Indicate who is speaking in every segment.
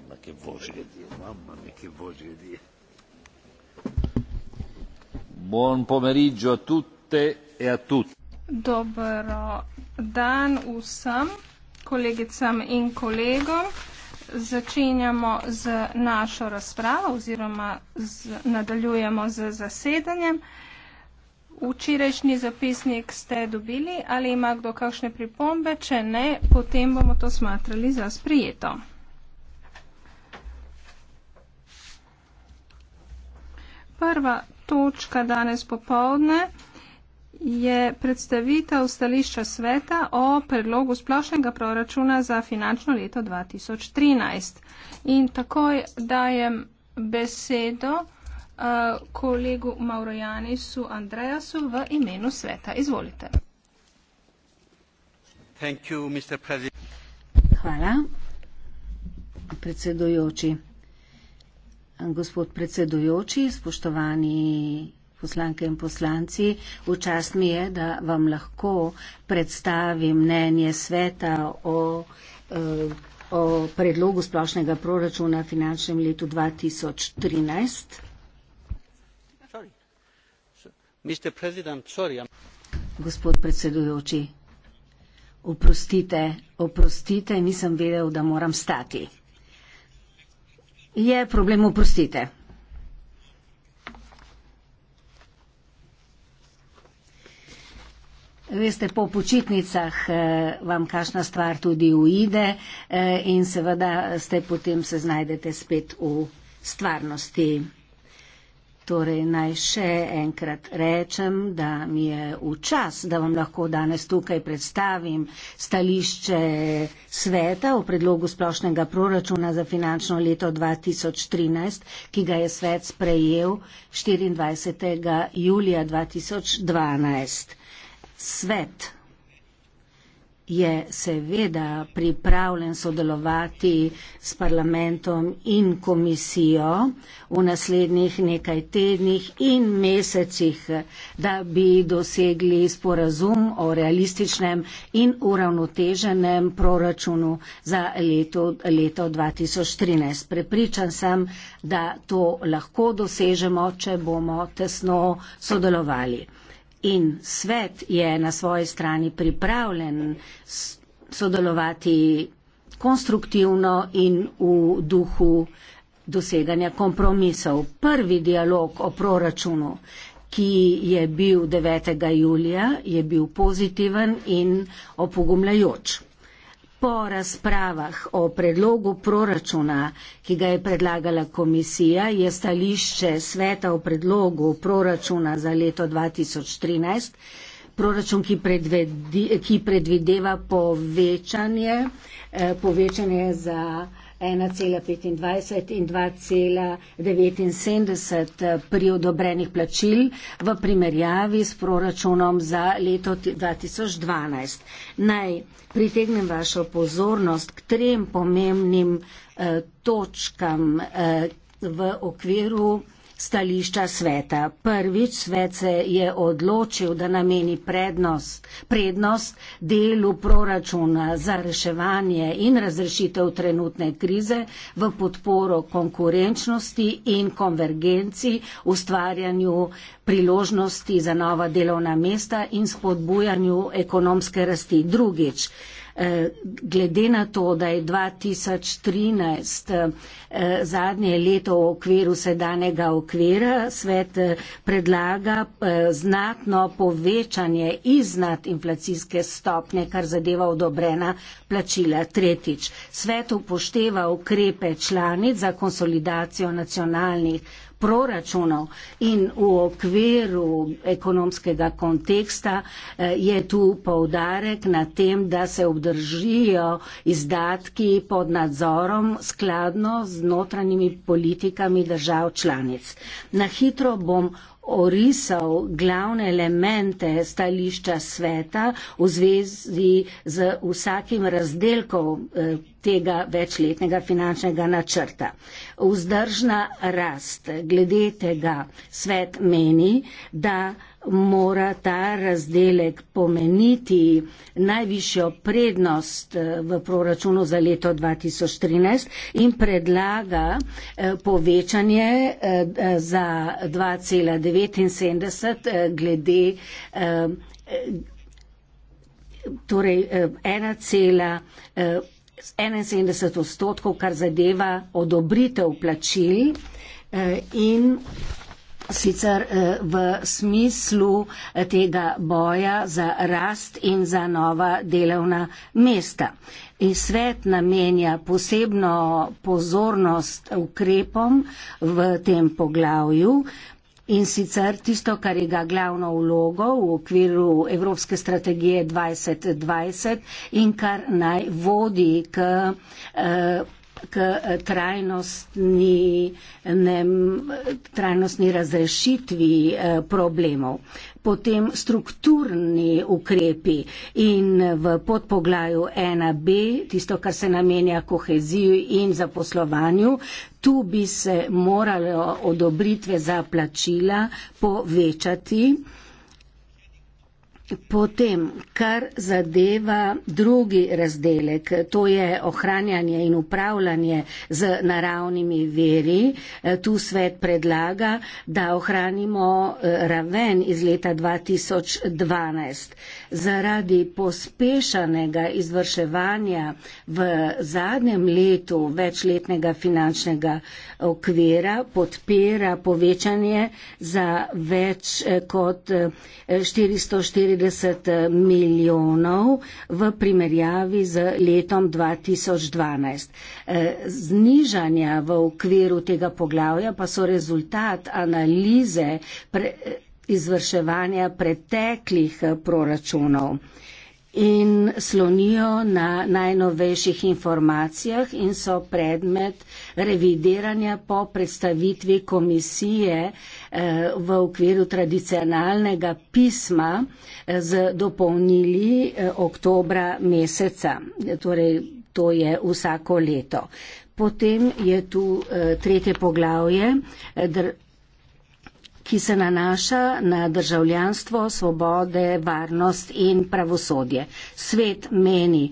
Speaker 1: mamma che voce di Dio, mamma mia che voce di Dio. Buon pomeriggio a tutte e a tutti. Dobro eh, dan usam, kolegicam in kolegom. Začenjamo z našo razpravo oziroma z, nadaljujemo z zasedanjem. Včerajšnji zapisnik ste dobili, ali ima kdo kakšne pripombe, če ne, potem bomo to smatrali za sprijeto. Prva točka danes popovdne je predstavitev stališča sveta o predlogu splošnega proračuna za finančno leto 2013. In takoj dajem besedo uh, kolegu Maurojanisu Andrejasu v imenu sveta. Izvolite.
Speaker 2: Hvala, predsedujoči. Gospod predsedujoči, spoštovani poslanke in poslanci, v čast mi je, da vam lahko predstavim mnenje sveta o, eh, o predlogu splošnega proračuna v finančnem letu 2013. Sorry. Gospod predsedujoči, oprostite, oprostite, nisem vedel, da moram stati je problem oprostite. Veste, po počitnicah eh, vam kašna stvar tudi uide eh, in seveda ste potem se znajdete spet v stvarnosti. Torej, naj še enkrat rečem, da mi je v čas, da vam lahko danes tukaj predstavim stališče sveta o predlogu splošnega proračuna za finančno leto 2013, ki ga je svet sprejel 24. julija 2012. Svet je seveda pripravljen sodelovati s parlamentom in komisijo v naslednjih nekaj tednih in mesecih, da bi dosegli sporazum o realističnem in uravnoteženem proračunu za leto, leto 2013. Prepričan sem, da to lahko dosežemo, če bomo tesno sodelovali in svet je na svoji strani pripravljen sodelovati konstruktivno in v duhu doseganja kompromisov. Prvi dialog o proračunu, ki je bil 9. julija, je bil pozitiven in opogumljajoč. Po razpravah o predlogu proračuna, ki ga je predlagala komisija, je stališče sveta o predlogu proračuna za leto 2013, proračun, ki, predvedi, ki predvideva povečanje, eh, povečanje za 1,25 in 2,79 eh, pri odobrenih plačil v primerjavi s proračunom za leto 2012. Naj pritegnem vašo pozornost k trem pomembnim eh, točkam eh, v okviru eh, stališča sveta. Prvič svet se je odločil, da nameni prednost, prednost delu proračuna za reševanje in razrešitev trenutne krize v podporo konkurenčnosti in konvergenci, ustvarjanju priložnosti za nova delovna mesta in spodbujanju ekonomske rasti. Drugič, glede na to, da je 2013 eh, zadnje leto v okviru sedanega okvira, svet eh, predlaga eh, znatno povečanje iznad inflacijske stopne, kar zadeva odobrena plačila. Tretjič, svet upošteva ukrepe članic za konsolidacijo nacionalnih proračunov in v okviru ekonomskega konteksta eh, je tu povdarek na tem, da se obdržijo izdatki pod nadzorom skladno z notranjimi politikami držav članic. Na hitro bom orisal glavne elemente stališča sveta v zvezi z vsakim razdelkom eh, tega večletnega finančnega načrta. Vzdržna rast glede tega svet meni, da mora ta razdelek pomeniti najvišjo prednost eh, v proračunu za leto 2013 in predlaga eh, povečanje eh, za 2,79 glede torej 1,71 odstotkov, kar zadeva odobritev plačil in sicer eh, v smislu eh, tega boja za rast in za nova delovna mesta. In svet namenja posebno pozornost ukrepom v tem poglavju. In sicer tisto, kar je ga glavno vlogo v okviru Evropske strategije 2020 in kar naj vodi k eh, k eh, trajnostnem, trajnostni razrešitvi eh, problemov. Potem strukturni ukrepi in v podpoglaju 1b, tisto, kar se namenja koheziju in zaposlovanju, tu bi se moralo odobritve za plačila povečati. Potem, kar zadeva drugi razdelek, to je ohranjanje in upravljanje z naravnimi veri, e, tu svet predlaga, da ohranimo e, raven iz leta 2012. Zaradi pospešanega izvrševanja v zadnjem letu večletnega finančnega okvira podpira povečanje za več e, kot 440 50 eh, milijonov v primerjavi z letom 2012. Eh, znižanja v okviru tega poglavja pa so rezultat analize pre, eh, izvrševanja preteklih proračunov in slonijo na najnovejših informacijah in so predmet revidiranja po predstavitvi komisije eh, v okviru tradicionalnega pisma eh, z dopolnili eh, oktobra meseca. Torej, to je vsako leto. Potem je tu tretje poglavje ki se nanaša na državljanstvo, svobode, varnost in pravosodje. Svet meni,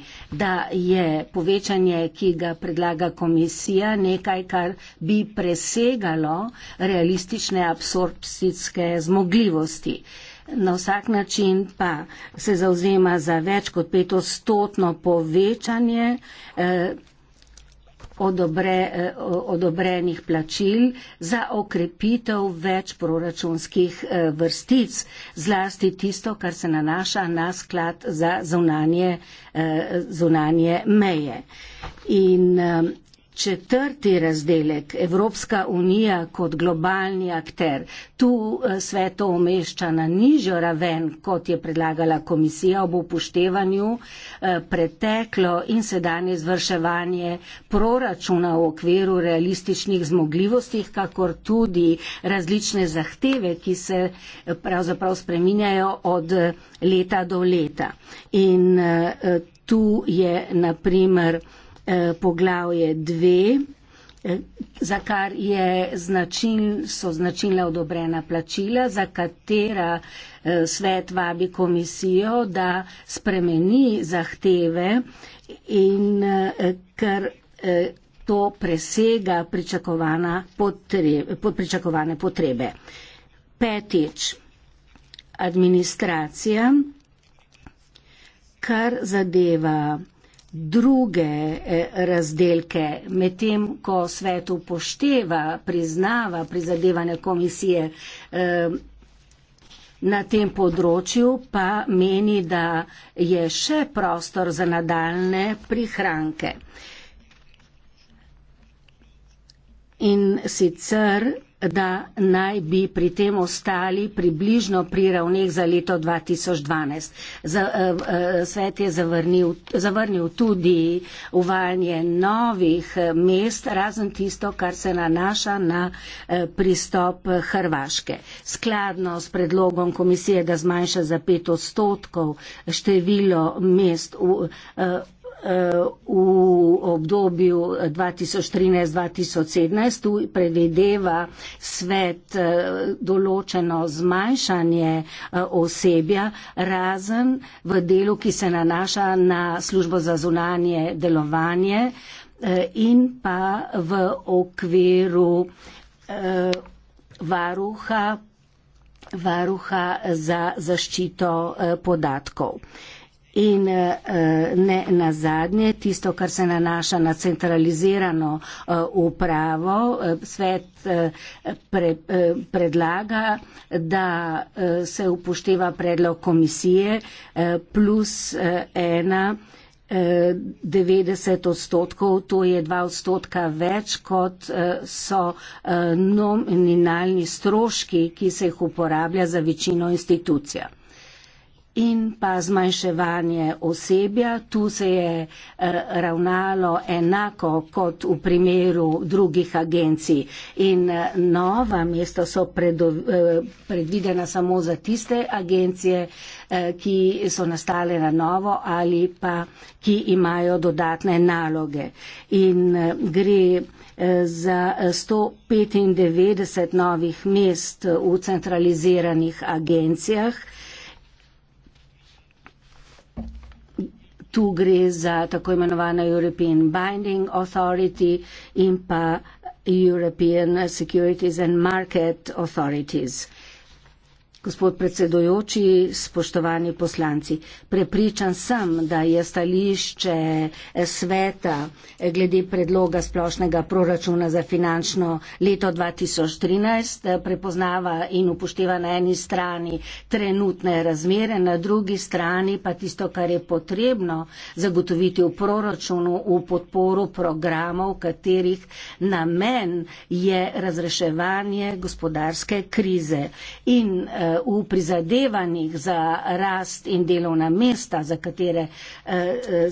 Speaker 2: da je povečanje, ki ga predlaga komisija, nekaj, kar bi presegalo realistične absorpcijske zmogljivosti. Na vsak način pa se zauzema za več kot petostotno povečanje. Eh, odobre, eh, odobrenih plačil za okrepitev več proračunskih eh, vrstic, zlasti tisto, kar se nanaša na sklad za zunanje, eh, zunanje meje. In četrti razdelek Evropska unija kot globalni akter. Tu eh, sveto omešča na nižjo raven, kot je predlagala komisija ob upoštevanju eh, preteklo in sedanje izvrševanje proračuna v okviru realističnih zmogljivosti, kakor tudi različne zahteve, ki se eh, pravzaprav spreminjajo od leta do leta. In tu je naprimer Eh, poglavje dve, eh, za kar je značil, so značila odobrena plačila, za katera eh, svet vabi komisijo, da spremeni zahteve in ker to presega pričakovane, potrebe, pod pričakovane potrebe. Petič, administracija, kar zadeva druge eh, razdelke, medtem ko svet upošteva, priznava prizadevanja komisije eh, na tem področju, pa meni, da je še prostor za nadaljne prihranke. In sicer da naj bi pri tem ostali približno pri ravneh za leto 2012. Eh, eh, svet je zavrnil, zavrnil tudi uvajanje novih eh, mest, razen tisto, kar se nanaša na pristop Hrvaške. Skladno s predlogom komisije, da zmanjša za pet odstotkov število mest v, Eh, v obdobju 2013-2017 predvideva svet eh, določeno zmanjšanje eh, osebja, razen v delu, ki se nanaša na službo za zunanje delovanje in pa v okviru varuha, varuha za zaščito podatkov. In eh, eh, ne na zadnje, tisto, kar se nanaša na centralizirano eh, upravo, svet pre, predlaga, da se upošteva predlog komisije plus ena. 90 odstotkov, to je 2 odstotka več, kot so nominalni stroški, ki se jih uporablja za večino institucija in pa zmanjševanje osebja. Tu se je eh, ravnalo enako kot v primeru drugih agencij. In eh, nova mesta so eh, predvidena samo za tiste agencije, ki so nastale na novo ali pa ki imajo dodatne naloge. In gre za 195 novih mest v centraliziranih agencijah. tu gre za tako imenovano European Binding Authority in pa European Securities and Market Authorities. Gospod predsedojoči, spoštovani poslanci, prepričan sem, da je stališče eh, sveta eh, glede predloga splošnega proračuna za finančno leto 2013 eh, prepoznava in upošteva na eni strani trenutne razmere, na drugi strani pa tisto, kar je potrebno zagotoviti v proračunu v podporu programov, katerih namen je razreševanje gospodarske krize. In, v prizadevanjih za rast in delovna mesta, za katere, eh, eh,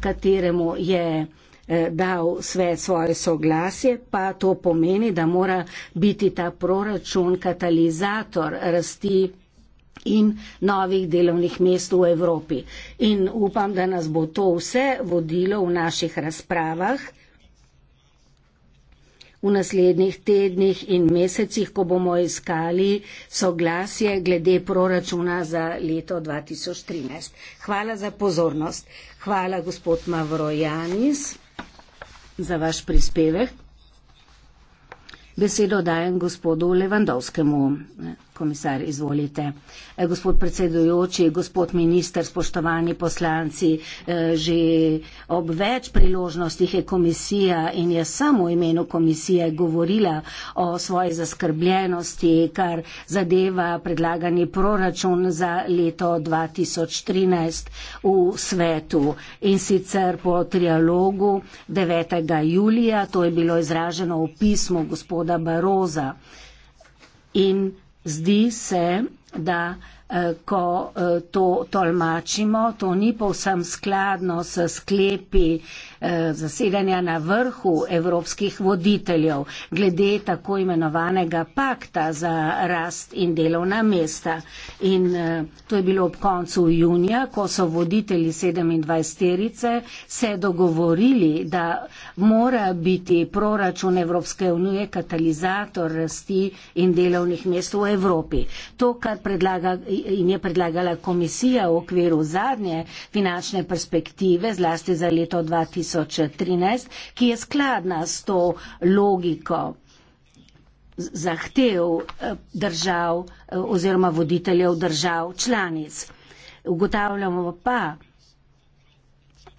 Speaker 2: kateremu je eh, dal svet svoje soglasje, pa to pomeni, da mora biti ta proračun katalizator rasti in novih delovnih mest v Evropi. In upam, da nas bo to vse vodilo v naših razpravah v naslednjih tednih in mesecih, ko bomo iskali soglasje glede proračuna za leto 2013. Hvala za pozornost. Hvala, gospod Mavrojanis, za vaš prispevek. Besedo dajem gospodu Levandovskemu komisar, izvolite. Eh, gospod predsedujoči, gospod minister, spoštovani poslanci, eh, že ob več priložnostih je komisija in je samo imenu komisije govorila o svoji zaskrbljenosti, kar zadeva predlagani proračun za leto 2013 v svetu. In sicer po trialogu 9. julija, to je bilo izraženo v pismu gospoda Baroza. In zdi se, da eh, ko eh, to tolmačimo, to ni povsem skladno s sklepi Eh, zasedanja na vrhu evropskih voditeljev glede tako imenovanega pakta za rast in delovna mesta. In eh, to je bilo ob koncu junija, ko so voditelji 27. terice se dogovorili, da mora biti proračun Evropske unije katalizator rasti in delovnih mest v Evropi. To, kar predlaga in je predlagala komisija v okviru zadnje finančne perspektive zlasti za leto 2000, 2013, ki je skladna s to logiko zahtev eh, držav eh, oziroma voditeljev držav članic. Ugotavljamo pa,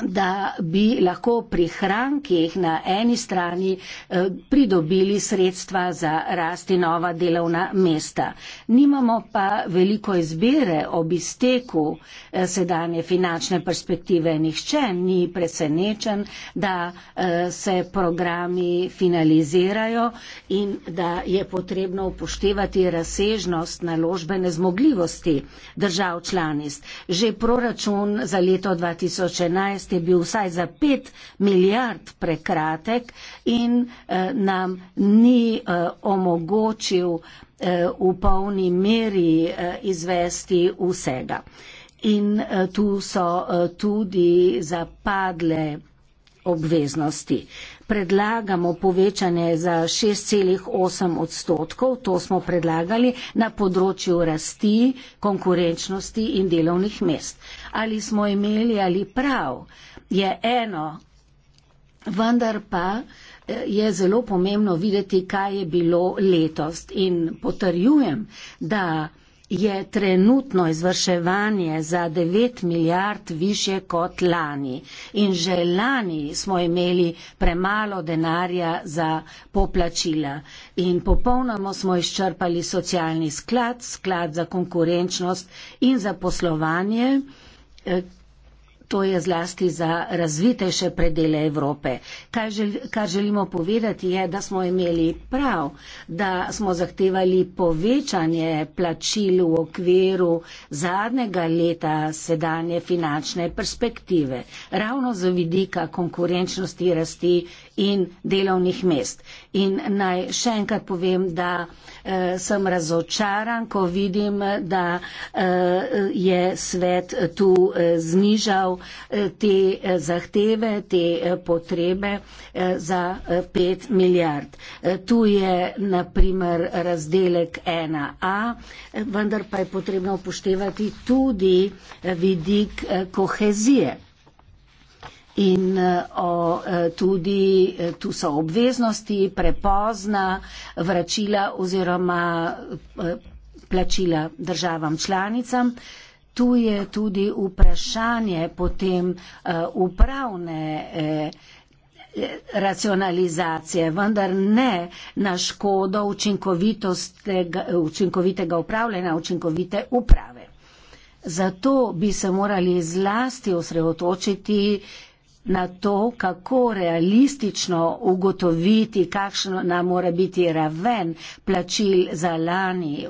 Speaker 2: da bi lahko pri hrankih na eni strani eh, pridobili sredstva za rasti nova delovna mesta. Nimamo pa veliko izbire ob izteku eh, sedanje finančne perspektive. Nihče ni presenečen, da eh, se programi finalizirajo in da je potrebno upoštevati razsežnost naložbene zmogljivosti držav članic. Že proračun za leto 2011 čas je bil vsaj za pet milijard prekratek in eh, nam ni eh, omogočil eh, v polni meri eh, izvesti vsega. In eh, tu so eh, tudi zapadle obveznosti. Eh, predlagamo povečanje za 6,8 odstotkov, to smo predlagali na področju rasti, konkurenčnosti in delovnih mest. Ali smo imeli ali prav, je eno, vendar pa eh, je zelo pomembno videti, kaj je bilo letos. In potrjujem, da je trenutno izvrševanje za 9 milijard više kot lani. In že lani smo imeli premalo denarja za poplačila. In popolnoma smo izčrpali socialni sklad, sklad za konkurenčnost in za poslovanje, eh, To je zlasti za razvitejše predele Evrope. Kar, žel, kar želimo povedati je, da smo imeli prav, da smo zahtevali povečanje plačil v okviru zadnjega leta sedanje finančne perspektive, ravno za vidika konkurenčnosti rasti in delovnih mest. In naj še enkrat povem, da eh, sem razočaran, ko vidim, da eh, je svet tu eh, znižal Eh, te eh, zahteve, te eh, potrebe za 5 milijard. Tu je naprimer razdelek 1a, vendar pa je potrebno upoštevati tudi vidik kohezije. In o, tudi tu so obveznosti, prepozna, vračila oziroma plačila državam članicam. Tu je tudi vprašanje potem uh, upravne uh, racionalizacije, vendar ne na škodo učinkovitega upravljanja, učinkovite uprave. Zato bi se morali zlasti osredotočiti na to, kako realistično ugotoviti, kakšna mora biti raven plačil za lani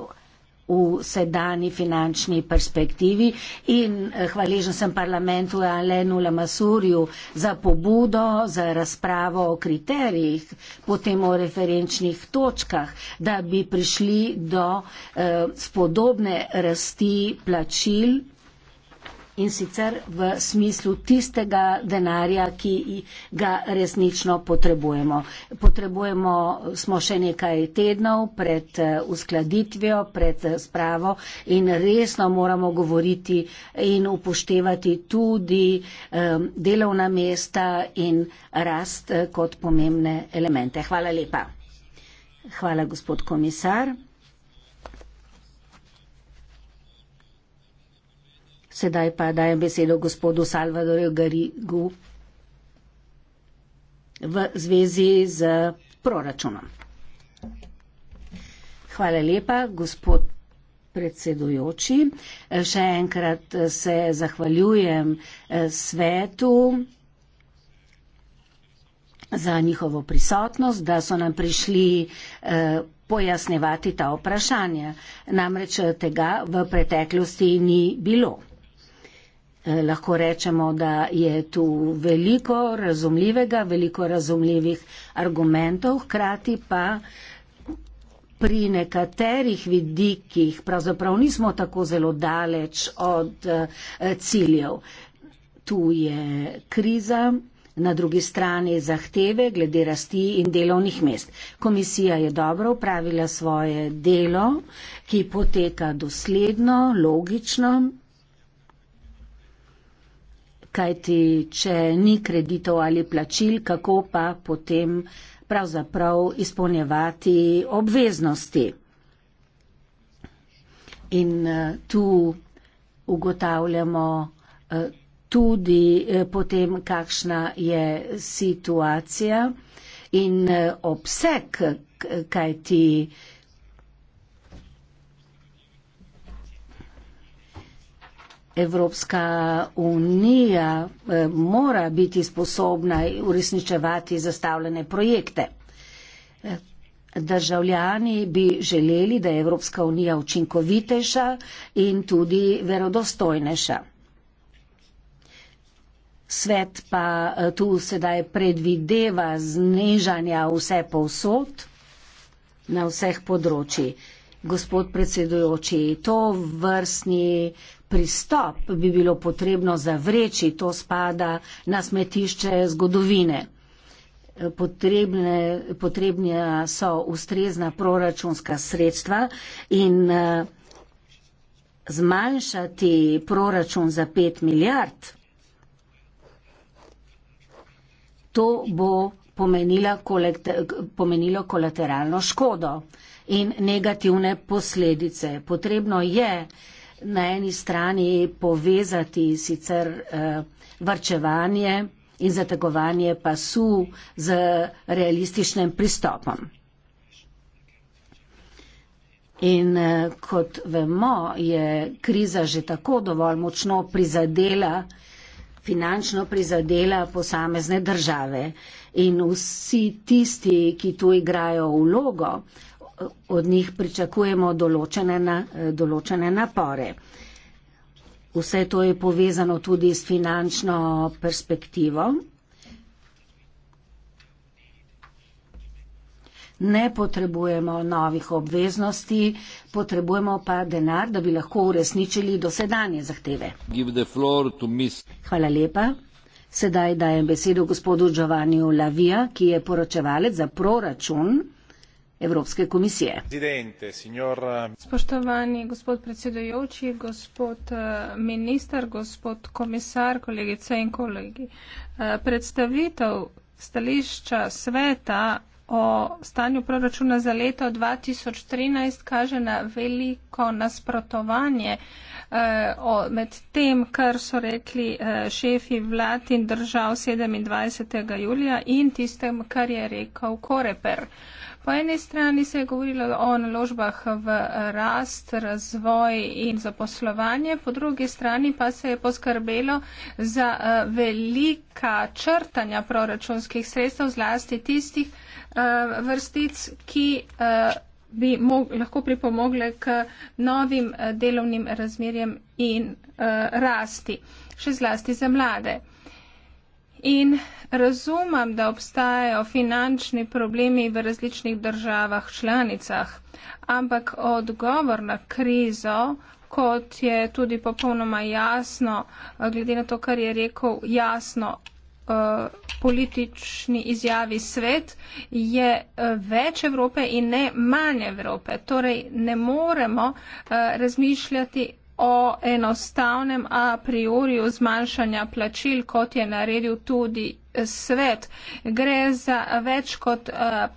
Speaker 2: v sedani finančni perspektivi in eh, hvaležen sem parlamentu Alenu Lamasurju za pobudo, za razpravo o kriterijih, potem o referenčnih točkah, da bi prišli do eh, spodobne rasti plačil in sicer v smislu tistega denarja, ki ga resnično potrebujemo. Potrebujemo smo še nekaj tednov pred eh, uskladitvijo, pred eh, spravo in resno moramo govoriti in upoštevati tudi um, delovna mesta in rast kot pomembne elemente. Hvala lepa. Hvala, gospod komisar. Sedaj pa dajem besedo gospodu Salvadorju Garigu v zvezi z proračunom. Hvala lepa, gospod predsedujoči. Še enkrat se zahvaljujem eh, svetu za njihovo prisotnost, da so nam prišli eh, pojasnevati ta vprašanja. Namreč eh, tega v preteklosti ni bilo. Eh, lahko rečemo, da je tu veliko razumljivega, veliko razumljivih argumentov, hkrati pa pri nekaterih vidikih pravzaprav nismo tako zelo daleč od eh, ciljev. Tu je kriza, na drugi strani zahteve glede rasti in delovnih mest. Komisija je dobro upravila svoje delo, ki poteka dosledno, logično kajti če ni kreditov ali plačil, kako pa potem pravzaprav izpolnjevati obveznosti. In eh, tu ugotavljamo eh, tudi eh, potem, kakšna je situacija in obseg, kajti. Evropska unija eh, mora biti sposobna uresničevati zastavljene projekte. Eh, državljani bi želeli, da je Evropska unija učinkovitejša in tudi verodostojnejša. Svet pa eh, tu sedaj predvideva znižanja vse povsod na vseh področji. Gospod predsedujoči, to vrstni pristop bi bilo potrebno zavreči, to spada na smetišče zgodovine. Potrebne, potrebne so ustrezna proračunska sredstva in zmanjšati proračun za 5 milijard, to bo pomenila kolekte, pomenilo kolateralno škodo in negativne posledice. Potrebno je, na eni strani povezati sicer uh, varčevanje in zategovanje pasu z realističnim pristopom. In uh, kot vemo, je kriza že tako dovolj močno prizadela, finančno prizadela posamezne države. In vsi tisti, ki tu igrajo vlogo, od njih pričakujemo določene, na, eh, določene napore. Vse to je povezano tudi s finančno perspektivo. Ne potrebujemo novih obveznosti, potrebujemo pa denar, da bi lahko uresničili dosedanje zahteve. Hvala lepa. Sedaj dajem besedo gospodu Giovanniu Lavija, ki je poročevalec za proračun. Evropske komisije. Eh,
Speaker 1: Spoštovani gospod predsedujoči, gospod eh, minister, gospod komisar, kolegice in kolegi. Eh, predstavitev stališča sveta o stanju proračuna za leto 2013 kaže na veliko nasprotovanje eh, med tem, kar so rekli eh, šefi vlad in držav 27. julija in tistem, kar je rekel Koreper. Eh, Po eni strani se je govorilo o naložbah v rast, razvoj in zaposlovanje, po drugi strani pa se je poskrbelo za eh, velika črtanja proračunskih sredstev, zlasti tistih eh, vrstic, ki eh, bi lahko pripomogle k novim delovnim razmerjem in rasti, še zlasti za mlade. In razumem, da obstajajo finančni problemi v različnih državah članicah, ampak odgovor na krizo, kot je tudi popolnoma jasno, eh, glede na to, kar je rekel jasno eh, politični izjavi svet, je eh, več Evrope in ne manj Evrope. Torej ne moremo razmišljati o enostavnem a prioriju zmanjšanja plačil, kot je naredil tudi svet. Gre za več kot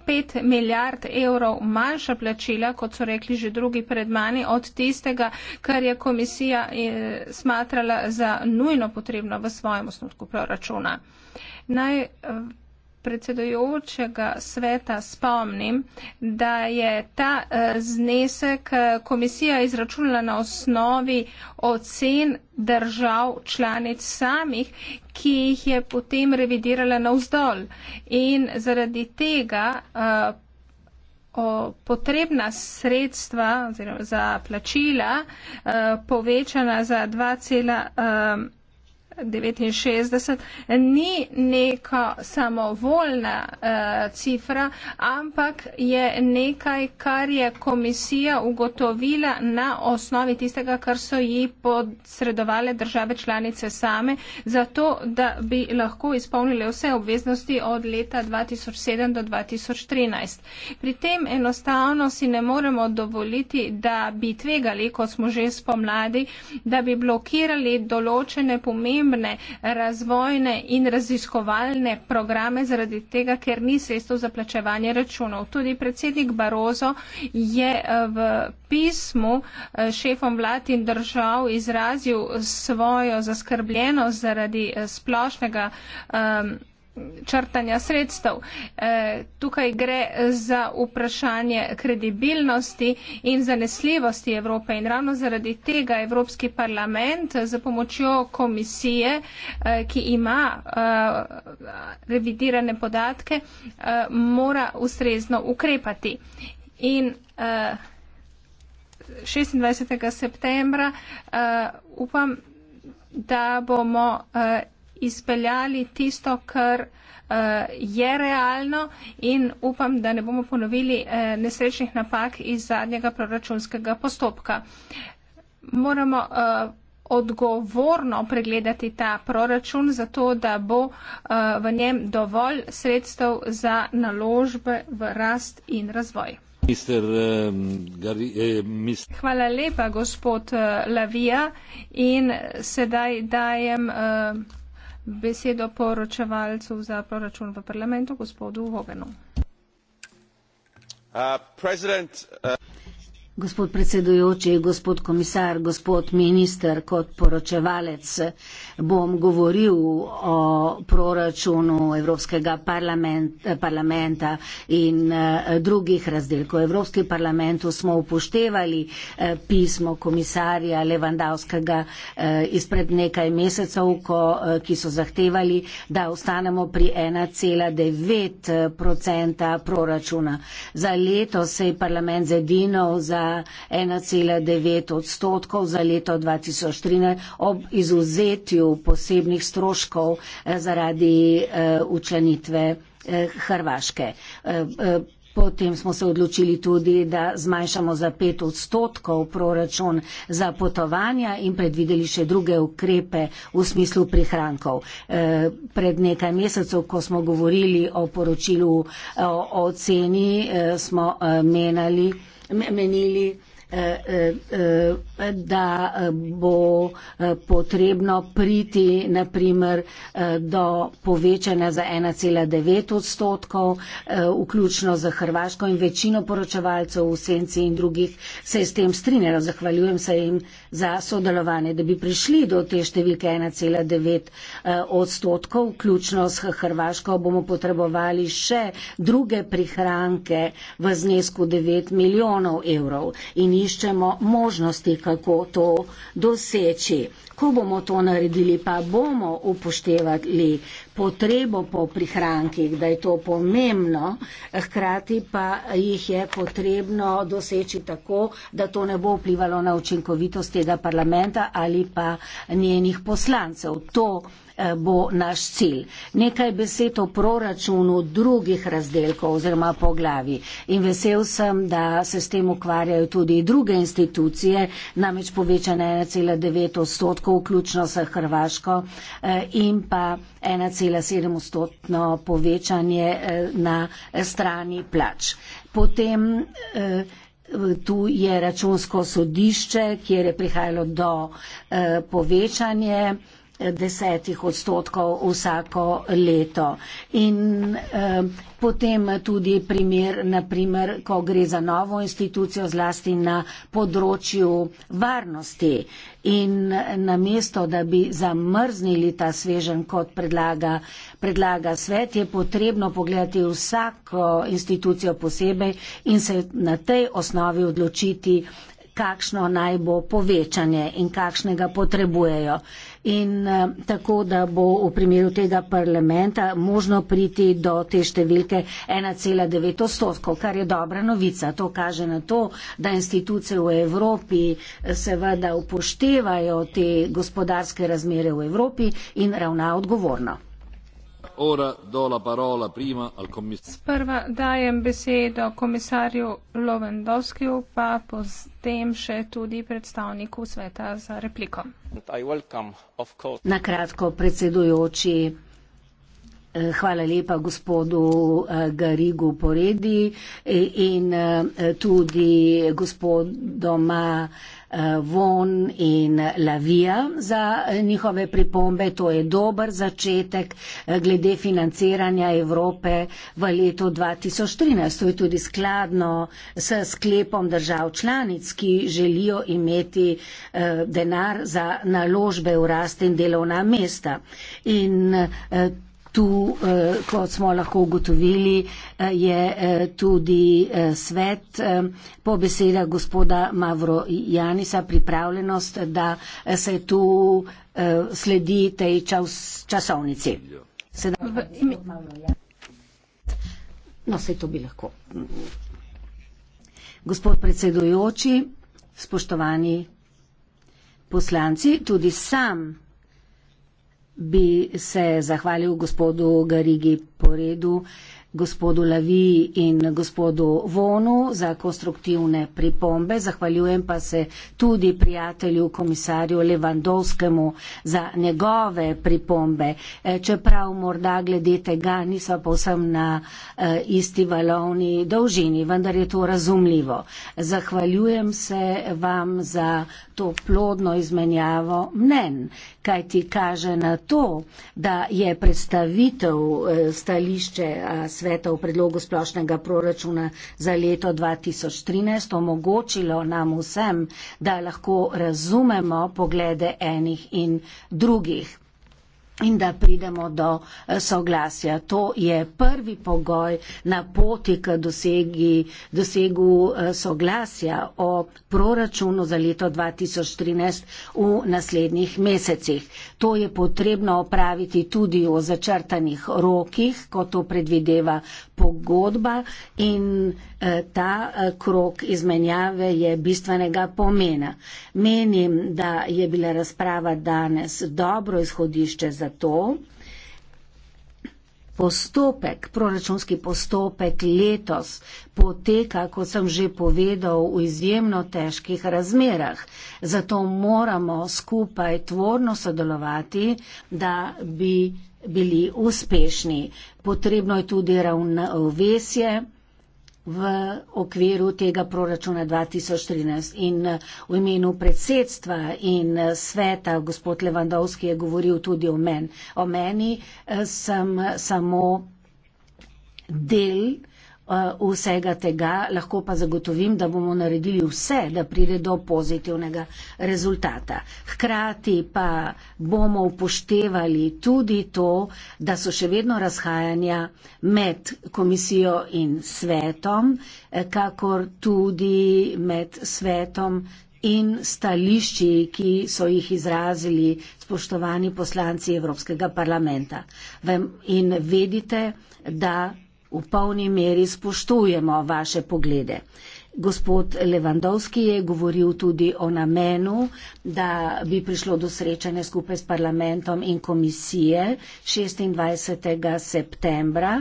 Speaker 1: 5 eh, milijard evrov manjša plačila, kot so rekli že drugi pred mani, od tistega, kar je komisija eh, smatrala za nujno potrebno v svojem osnutku proračuna. Naj eh, predsedojočega sveta spomnim, da je ta eh, znesek eh, komisija izračunala na osnovi ocen držav članic samih, ki jih je potem revidirala na vzdolj. In zaradi tega eh, o, potrebna sredstva oziroma za plačila povečana za 2,5 69, ni neka samovoljna eh, cifra, ampak je nekaj, kar je komisija ugotovila na osnovi tistega, kar so ji podsredovale države članice same, zato da bi lahko izpolnili vse obveznosti od leta 2007 do 2013. Pri tem enostavno si ne moremo dovoliti, da bi tvegali, kot smo že spomladi, da bi blokirali določene pomembne pomembne razvojne in raziskovalne programe zaradi tega, ker ni sredstv za plačevanje računov. Tudi predsednik Barozo je eh, v pismu eh, šefom vlad in držav izrazil svojo zaskrbljenost zaradi eh, splošnega um, črtanja sredstev. E, tukaj gre za vprašanje kredibilnosti in zanesljivosti Evrope in ravno zaradi tega Evropski parlament za pomočjo komisije, e, ki ima e, revidirane podatke, mora ustrezno ukrepati. In 26. septembra upam, da bomo izpeljali tisto, kar uh, je realno in upam, da ne bomo ponovili uh, nesrečnih napak iz zadnjega proračunskega postopka. Moramo uh, odgovorno pregledati ta proračun, zato da bo uh, v njem dovolj sredstev za naložbe v rast in razvoj. Mister, uh, gari, eh, mis... Hvala lepa, gospod uh, Lavija. In sedaj dajem. Uh, besedo poročevalcu za proračun v parlamentu gospodu
Speaker 2: Hoganu. Uh, uh, gospod predsedujoči, gospod komisar, gospod minister kot poročevalec bom govoril o proračunu Evropskega parlament, parlamenta in eh, drugih razdelkov. V Evropskem parlamentu smo upoštevali eh, pismo komisarja Levandavskega eh, izpred nekaj mesecev, ko, ki so zahtevali, da ostanemo pri 1,9% proračuna. Za leto se je parlament zedinov za 1,9 odstotkov za leto 2013 ob izuzetju posebnih stroškov eh, zaradi eh, učlenitve eh, Hrvaške. Potem smo se odločili tudi, da zmanjšamo za pet odstotkov proračun za potovanja in predvideli še druge ukrepe v smislu prihrankov. Pred nekaj mesecev, ko smo govorili o poročilu o ceni, smo menali, menili, Eh, eh, eh, da bo potrebno priti naprimer do povečanja za 1,9 odstotkov, vključno za Hrvaško in večino poročevalcev v Senci in drugih se je s tem strinjalo. Zahvaljujem se jim za sodelovanje, da bi prišli do te številke 1,9 odstotkov, vključno s Hrvaško bomo potrebovali še druge prihranke v znesku 9 milijonov evrov. In iščemo možnosti, kako to doseči. Ko bomo to naredili, pa bomo upoštevali potrebo po prihrankih, da je to pomembno, hkrati pa jih je potrebno doseči tako, da to ne bo vplivalo na učinkovitost tega parlamenta ali pa njenih poslancev. To Eh, bo naš cilj. Nekaj besed o proračunu drugih razdelkov oziroma poglavi. In vesel sem, da se s tem ukvarjajo tudi druge institucije, namreč povečane 1,9 odstotkov, vključno s Hrvaško eh, in pa 1,7 odstotno povečanje eh, na strani plač. Potem tu je računsko sodišče, kjer je prihajalo do povečanja desetih odstotkov vsako leto. In eh, potem tudi primer, naprimer, ko gre za novo institucijo zlasti na področju varnosti in eh, na mesto, da bi zamrznili ta svežen, kot predlaga, predlaga svet, je potrebno pogledati vsako institucijo posebej in se na tej osnovi odločiti, kakšno naj bo povečanje in kakšnega potrebujejo in uh, tako, da bo v primeru tega parlamenta možno priti do te številke 1,9 odstotkov, kar je dobra novica. To kaže na to, da institucije v Evropi eh, seveda upoštevajo te gospodarske razmere v Evropi in ravna odgovorno.
Speaker 1: Sprva dajem besedo komisarju Lovendovskiju, pa potem
Speaker 2: še tudi
Speaker 1: predstavniku sveta za repliko.
Speaker 2: Na kratko, predsedujoči, eh, hvala lepa gospodu eh, Garigu Poredi eh, in tudi gospodoma Eh, Von in Lavija za eh, njihove pripombe. To je dober začetek eh, glede financiranja Evrope v letu 2013. To je tudi skladno s sklepom držav članic, ki želijo imeti denar za naložbe v rast in delovna mesta. In Tu, eh, kot smo lahko ugotovili, eh, je eh, tudi svet po besedah gospoda Mavro Janisa pripravljenost, da se tu sledi tej časovnici. Sedaj, no, se to bi lahko. Gospod predsedujoči, spoštovani poslanci, tudi sam bi se zahvalil gospodu Garigi Poredu gospodu Lavi in gospodu Vonu za konstruktivne pripombe. Zahvaljujem pa se tudi prijatelju komisarju Levandovskemu za njegove pripombe. E, čeprav morda glede tega niso povsem na e, isti valovni dolžini, vendar je to razumljivo. Zahvaljujem se vam za to plodno izmenjavo mnen, kaj ti kaže na to, da je predstavitev e, stališče sveta v predlogu splošnega proračuna za leto 2013 omogočilo nam vsem, da lahko razumemo poglede enih in drugih in da pridemo do eh, soglasja. To je prvi pogoj na poti k dosegi, dosegu eh, soglasja o proračunu za leto 2013 v naslednjih mesecih. To je potrebno opraviti tudi v začrtanih rokih, kot to predvideva pogodba in eh, ta eh, krok izmenjave je bistvenega pomena. Menim, da je bila razprava danes dobro izhodišče za to. Postopek, proračunski postopek letos poteka, kot sem že povedal, v izjemno težkih razmerah. Zato moramo skupaj tvorno sodelovati, da bi bili uspešni. Potrebno je tudi ravnovesje v okviru tega proračuna 2013 in v imenu predsedstva in sveta gospod Levandovski je govoril tudi o, men, o meni, eh, sem samo del Eh, vsega tega, lahko pa zagotovim, da bomo naredili vse, da pride do pozitivnega rezultata. Hkrati pa bomo upoštevali tudi to, da so še vedno razhajanja med komisijo in svetom, eh, kakor tudi med svetom in stališči, ki so jih izrazili spoštovani poslanci Evropskega parlamenta. In vedite, da v polni meri spoštujemo vaše poglede. Gospod Levandovski je govoril tudi o namenu, da bi prišlo do srečanja skupaj s parlamentom in komisije 26. septembra,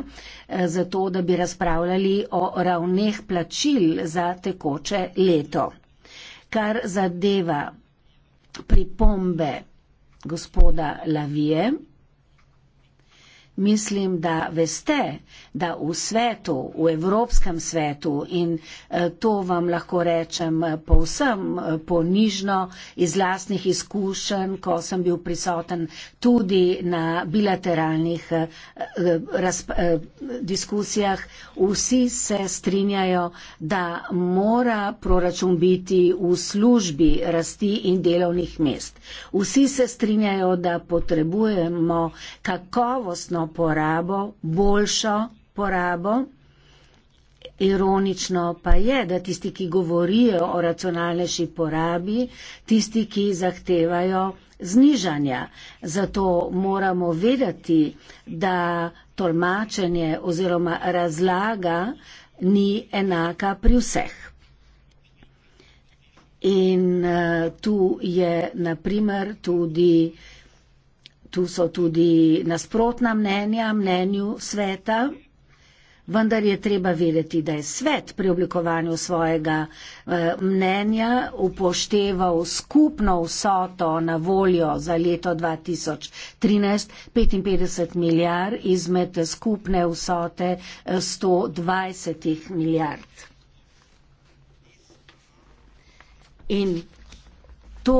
Speaker 2: eh, zato da bi razpravljali o ravneh plačil za tekoče leto. Kar zadeva pripombe gospoda Lavije, mislim, da veste, da v svetu, v Evropskem svetu in eh, to vam lahko rečem eh, povsem eh, ponižno iz lastnih izkušenj, ko sem bil prisoten tudi na bilateralnih diskusijah, vsi se strinjajo, da mora proračun biti v službi rasti in delovnih mest. Vsi se strinjajo, da potrebujemo kakovostno porabo, boljšo porabo. Ironično pa je, da tisti, ki govorijo o racionalnejši porabi, tisti, ki zahtevajo znižanja. Zato moramo vedeti, da tolmačenje oziroma razlaga ni enaka pri vseh. In uh, tu je naprimer tudi uh, Tu so tudi nasprotna mnenja mnenju sveta, vendar je treba vedeti, da je svet pri oblikovanju svojega eh, mnenja upošteval skupno vsoto na voljo za leto 2013 55 milijard izmed skupne vsote 120 eh, milijard. In To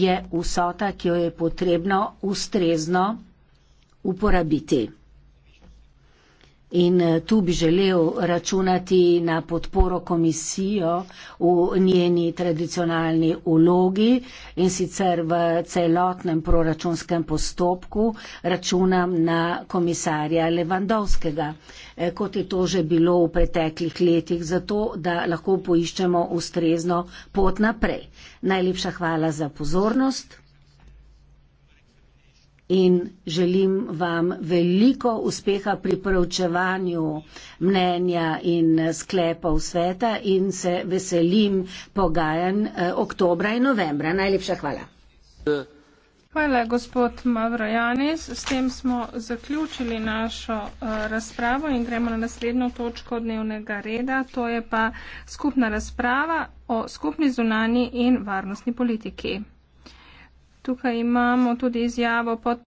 Speaker 2: je vsota, ki jo je potrebno ustrezno uporabiti. In eh, tu bi želel računati na podporo komisijo v njeni tradicionalni ulogi in sicer v celotnem proračunskem postopku računam na komisarja Levandovskega, eh, kot je to že bilo v preteklih letih, zato da lahko poiščemo ustrezno pot naprej. Najlepša hvala za pozornost in želim vam veliko uspeha pri preučevanju mnenja in sklepov sveta in se veselim pogajanj eh, oktobra in novembra. Najlepša hvala. Hvala, gospod
Speaker 1: Mavrojanis. S tem smo zaključili našo uh, razpravo in gremo na naslednjo točko dnevnega reda. To je pa skupna razprava o skupni zunani in varnostni politiki. Tukaj imamo tudi izjavo pod.